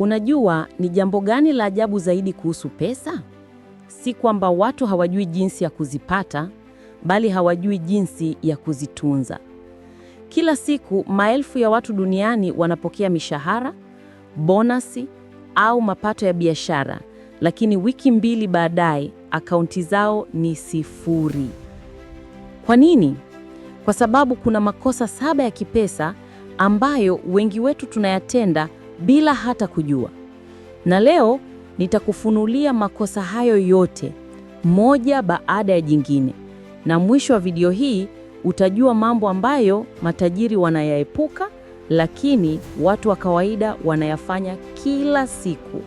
Unajua ni jambo gani la ajabu zaidi kuhusu pesa? Si kwamba watu hawajui jinsi ya kuzipata, bali hawajui jinsi ya kuzitunza. Kila siku maelfu ya watu duniani wanapokea mishahara, bonasi au mapato ya biashara, lakini wiki mbili baadaye akaunti zao ni sifuri. Kwa nini? Kwa sababu kuna makosa saba ya kipesa ambayo wengi wetu tunayatenda bila hata kujua. Na leo nitakufunulia makosa hayo yote moja baada ya jingine, na mwisho wa video hii utajua mambo ambayo matajiri wanayaepuka, lakini watu wa kawaida wanayafanya kila siku.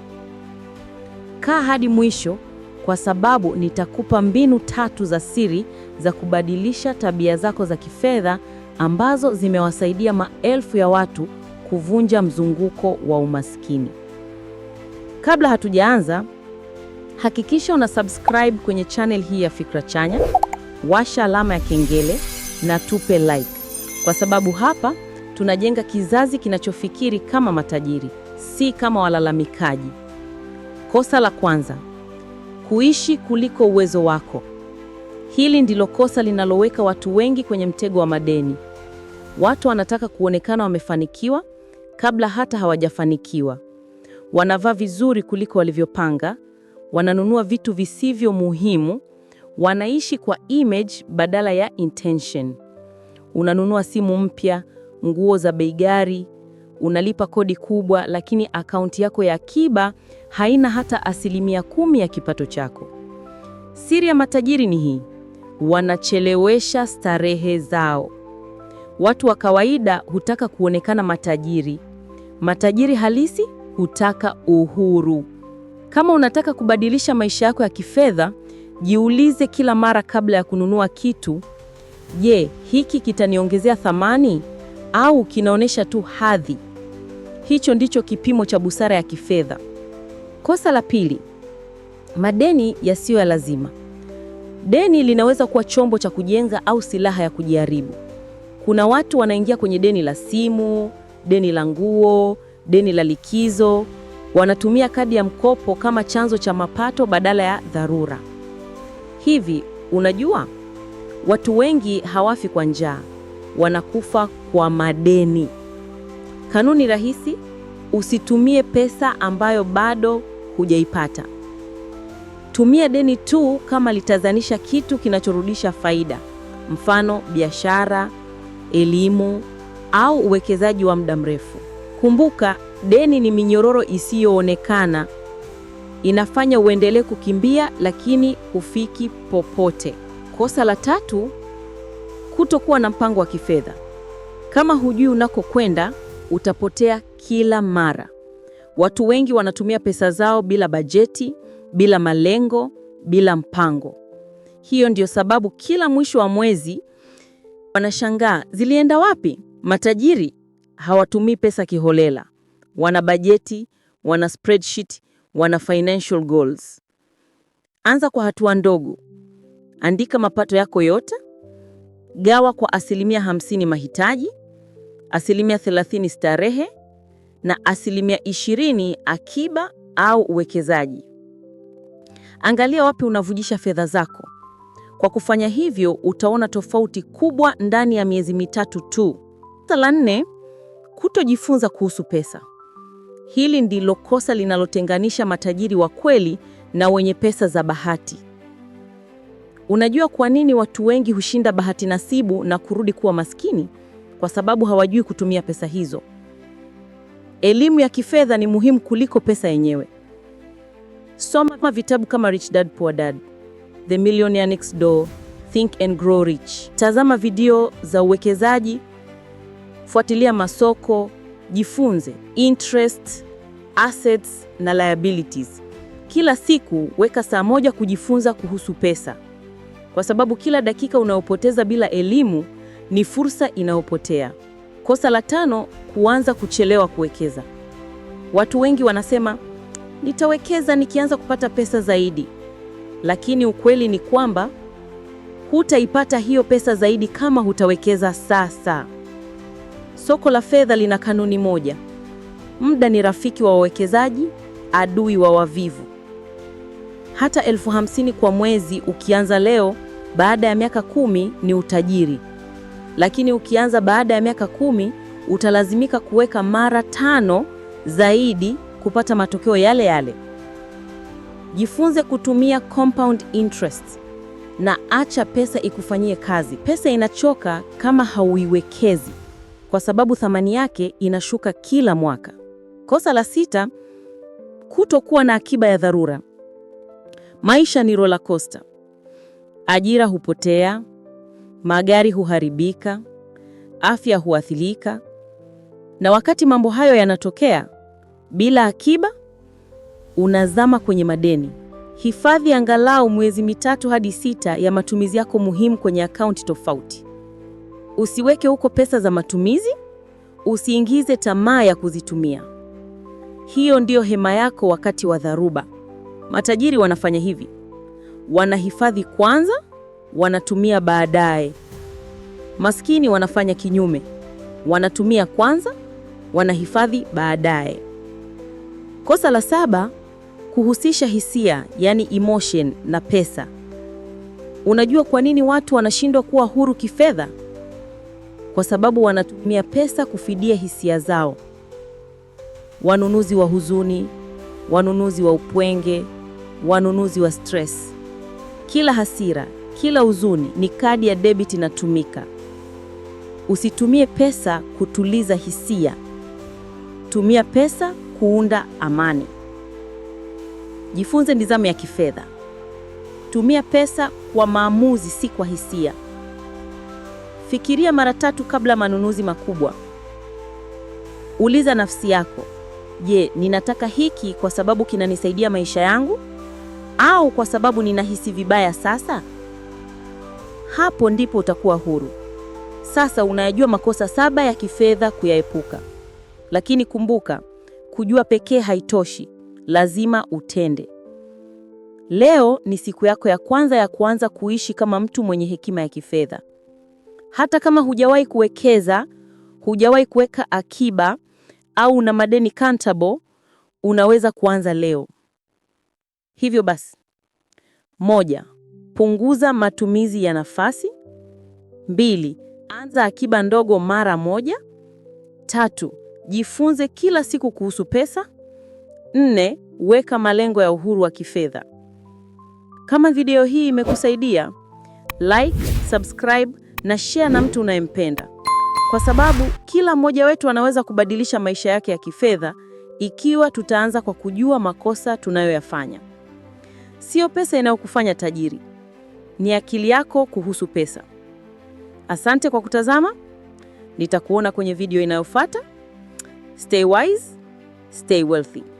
Kaa hadi mwisho kwa sababu nitakupa mbinu tatu za siri za kubadilisha tabia zako za kifedha ambazo zimewasaidia maelfu ya watu kuvunja mzunguko wa umaskini. Kabla hatujaanza, hakikisha una subscribe kwenye channel hii ya Fikra Chanya, washa alama ya kengele na tupe like, kwa sababu hapa tunajenga kizazi kinachofikiri kama matajiri, si kama walalamikaji. Kosa la kwanza, kuishi kuliko uwezo wako. Hili ndilo kosa linaloweka watu wengi kwenye mtego wa madeni. Watu wanataka kuonekana wamefanikiwa kabla hata hawajafanikiwa. Wanavaa vizuri kuliko walivyopanga, wananunua vitu visivyo muhimu, wanaishi kwa image badala ya intention. Unanunua simu mpya, nguo za bei ghali, unalipa kodi kubwa, lakini akaunti yako ya akiba haina hata asilimia kumi ya kipato chako. Siri ya matajiri ni hii: wanachelewesha starehe zao. Watu wa kawaida hutaka kuonekana matajiri. Matajiri halisi hutaka uhuru. Kama unataka kubadilisha maisha yako ya kifedha, jiulize kila mara kabla ya kununua kitu, je, hiki kitaniongezea thamani au kinaonyesha tu hadhi? Hicho ndicho kipimo cha busara ya kifedha. Kosa la pili, madeni yasiyo ya lazima. Deni linaweza kuwa chombo cha kujenga au silaha ya kujiharibu. Kuna watu wanaingia kwenye deni la simu, deni la nguo, deni la likizo. Wanatumia kadi ya mkopo kama chanzo cha mapato badala ya dharura. Hivi unajua, watu wengi hawafi kwa njaa, wanakufa kwa madeni. Kanuni rahisi: usitumie pesa ambayo bado hujaipata. Tumia deni tu kama litazanisha kitu kinachorudisha faida, mfano biashara elimu au uwekezaji wa muda mrefu. Kumbuka, deni ni minyororo isiyoonekana, inafanya uendelee kukimbia lakini hufiki popote. Kosa la tatu, kutokuwa na mpango wa kifedha. Kama hujui unakokwenda, utapotea kila mara. Watu wengi wanatumia pesa zao bila bajeti, bila malengo, bila mpango. Hiyo ndio sababu kila mwisho wa mwezi Wanashangaa zilienda wapi? Matajiri hawatumii pesa kiholela, wana bajeti, wana spreadsheet, wana financial goals. Anza kwa hatua ndogo. Andika mapato yako yote, gawa kwa asilimia hamsini mahitaji, asilimia thelathini starehe na asilimia ishirini akiba au uwekezaji. Angalia wapi unavujisha fedha zako. Kwa kufanya hivyo, utaona tofauti kubwa ndani ya miezi mitatu tu. La nne, kutojifunza kuhusu pesa. Hili ndilo kosa linalotenganisha matajiri wa kweli na wenye pesa za bahati. Unajua kwa nini watu wengi hushinda bahati nasibu na kurudi kuwa maskini? Kwa sababu hawajui kutumia pesa hizo. Elimu ya kifedha ni muhimu kuliko pesa yenyewe. Soma vitabu kama Rich Dad Poor Dad. The Millionaire Next Door, Think and Grow Rich. Tazama video za uwekezaji, fuatilia masoko, jifunze interest, assets na liabilities. Kila siku weka saa moja kujifunza kuhusu pesa, kwa sababu kila dakika unayopoteza bila elimu ni fursa inayopotea. Kosa la tano, kuanza kuchelewa kuwekeza. Watu wengi wanasema nitawekeza nikianza kupata pesa zaidi lakini ukweli ni kwamba hutaipata hiyo pesa zaidi kama hutawekeza sasa. Soko la fedha lina kanuni moja: muda ni rafiki wa wawekezaji, adui wa wavivu. Hata elfu hamsini kwa mwezi ukianza leo, baada ya miaka kumi ni utajiri, lakini ukianza baada ya miaka kumi utalazimika kuweka mara tano zaidi kupata matokeo yale yale. Jifunze kutumia compound interest na acha pesa ikufanyie kazi. Pesa inachoka kama hauiwekezi, kwa sababu thamani yake inashuka kila mwaka. Kosa la sita, kutokuwa na akiba ya dharura. Maisha ni roller coaster. Ajira hupotea, magari huharibika, afya huathirika, na wakati mambo hayo yanatokea bila akiba, unazama kwenye madeni. Hifadhi angalau mwezi mitatu hadi sita ya matumizi yako muhimu kwenye akaunti tofauti. Usiweke huko pesa za matumizi, usiingize tamaa ya kuzitumia. Hiyo ndiyo hema yako wakati wa dharuba. Matajiri wanafanya hivi, wanahifadhi kwanza, wanatumia baadaye. Maskini wanafanya kinyume, wanatumia kwanza, wanahifadhi baadaye. Kosa la saba kuhusisha hisia, yani emotion, na pesa. Unajua kwa nini watu wanashindwa kuwa huru kifedha? Kwa sababu wanatumia pesa kufidia hisia zao. Wanunuzi wa huzuni, wanunuzi wa upwenge wanunuzi wa stress. Kila hasira, kila huzuni ni kadi ya debit inatumika. Usitumie pesa kutuliza hisia. Tumia pesa kuunda amani. Jifunze nidhamu ya kifedha. Tumia pesa kwa maamuzi, si kwa hisia. Fikiria mara tatu kabla manunuzi makubwa. Uliza nafsi yako, je, ninataka hiki kwa sababu kinanisaidia maisha yangu au kwa sababu ninahisi vibaya sasa? Hapo ndipo utakuwa huru. Sasa unayajua makosa saba ya kifedha kuyaepuka. Lakini kumbuka, kujua pekee haitoshi lazima utende. Leo ni siku yako ya kwanza ya kuanza kuishi kama mtu mwenye hekima ya kifedha. Hata kama hujawahi kuwekeza, hujawahi kuweka akiba au una madeni countable, unaweza kuanza leo. Hivyo basi, moja, punguza matumizi ya nafasi. Mbili, anza akiba ndogo mara moja. Tatu, jifunze kila siku kuhusu pesa. Nne, weka malengo ya uhuru wa kifedha. Kama video hii imekusaidia, like, subscribe na share na mtu unayempenda, kwa sababu kila mmoja wetu anaweza kubadilisha maisha yake ya kifedha ikiwa tutaanza kwa kujua makosa tunayoyafanya. Sio pesa inayokufanya tajiri, ni akili yako kuhusu pesa. Asante kwa kutazama. Nitakuona kwenye video inayofuata. Stay wise, stay wealthy.